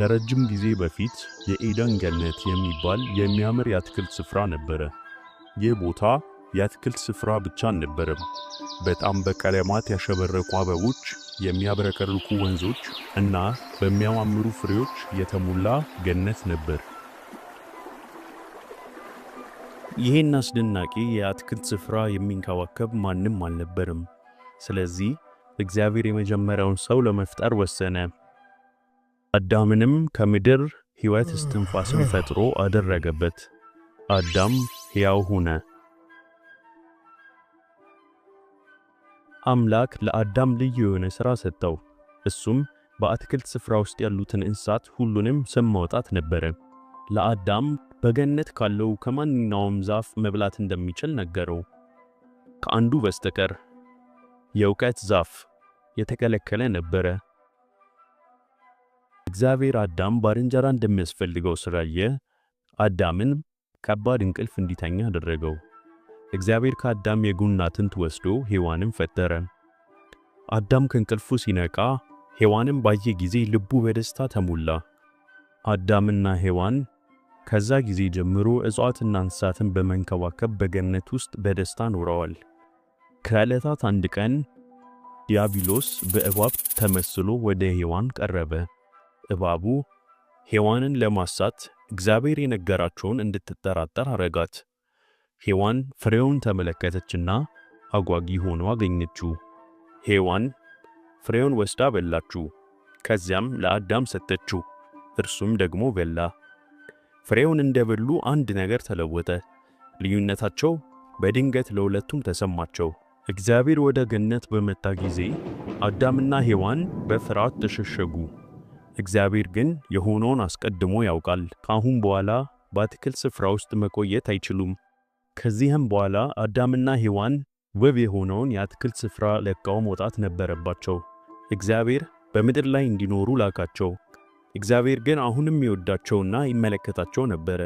ከረጅም ጊዜ በፊት የኤደን ገነት የሚባል የሚያምር የአትክልት ስፍራ ነበረ። ይህ ቦታ የአትክልት ስፍራ ብቻ አልነበረም። በጣም በቀለማት ያሸበረቁ አበቦች፣ የሚያብረቀርቁ ወንዞች እና በሚያማምሩ ፍሬዎች የተሞላ ገነት ነበር። ይህን አስደናቂ የአትክልት ስፍራ የሚንከባከብ ማንም አልነበርም። ስለዚህ እግዚአብሔር የመጀመሪያውን ሰው ለመፍጠር ወሰነ። አዳምንም ከምድር ሕይወት እስትንፋስን ፈጥሮ አደረገበት። አዳም ሕያው ሆነ። አምላክ ለአዳም ልዩ የሆነ ሥራ ሰጠው። እሱም በአትክልት ስፍራ ውስጥ ያሉትን እንስሳት ሁሉንም ስም ማውጣት ነበረ። ለአዳም በገነት ካለው ከማንኛውም ዛፍ መብላት እንደሚችል ነገረው፣ ከአንዱ በስተቀር። የእውቀት ዛፍ የተከለከለ ነበረ። እግዚአብሔር አዳም ባልንጀራ እንደሚያስፈልገው ስላየ አዳምን ከባድ እንቅልፍ እንዲተኛ አደረገው። እግዚአብሔር ከአዳም የጎን አጥንት ወስዶ ሔዋንን ፈጠረ። አዳም ከእንቅልፉ ሲነቃ ሔዋንን ባየ ጊዜ ልቡ በደስታ ተሞላ። አዳምና ሔዋን ከዛ ጊዜ ጀምሮ እጽዋትና እንስሳትን በመንከባከብ በገነት ውስጥ በደስታ ኖረዋል። ከዕለታት አንድ ቀን ዲያብሎስ በእባብ ተመስሎ ወደ ሔዋን ቀረበ። እባቡ ሔዋንን ለማሳት እግዚአብሔር የነገራቸውን እንድትጠራጠር አረጋት። ሔዋን ፍሬውን ተመለከተችና አጓጊ ሆኖ አገኘችው። ሔዋን ፍሬውን ወስዳ በላችው። ከዚያም ለአዳም ሰጠችው፣ እርሱም ደግሞ በላ። ፍሬውን እንደበሉ አንድ ነገር ተለወጠ። ልዩነታቸው በድንገት ለሁለቱም ተሰማቸው። እግዚአብሔር ወደ ገነት በመጣ ጊዜ አዳምና ሔዋን በፍርሃት ተሸሸጉ። እግዚአብሔር ግን የሆነውን አስቀድሞ ያውቃል። ከአሁን በኋላ በአትክልት ስፍራ ውስጥ መቆየት አይችሉም። ከዚህም በኋላ አዳምና ሔዋን ውብ የሆነውን የአትክልት ስፍራ ለቀው መውጣት ነበረባቸው። እግዚአብሔር በምድር ላይ እንዲኖሩ ላካቸው። እግዚአብሔር ግን አሁንም ይወዳቸውና ይመለከታቸው ነበረ።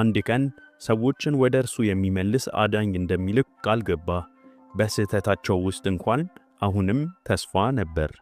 አንድ ቀን ሰዎችን ወደ እርሱ የሚመልስ አዳኝ እንደሚልክ ቃል ገባ። በስህተታቸው ውስጥ እንኳን አሁንም ተስፋ ነበር።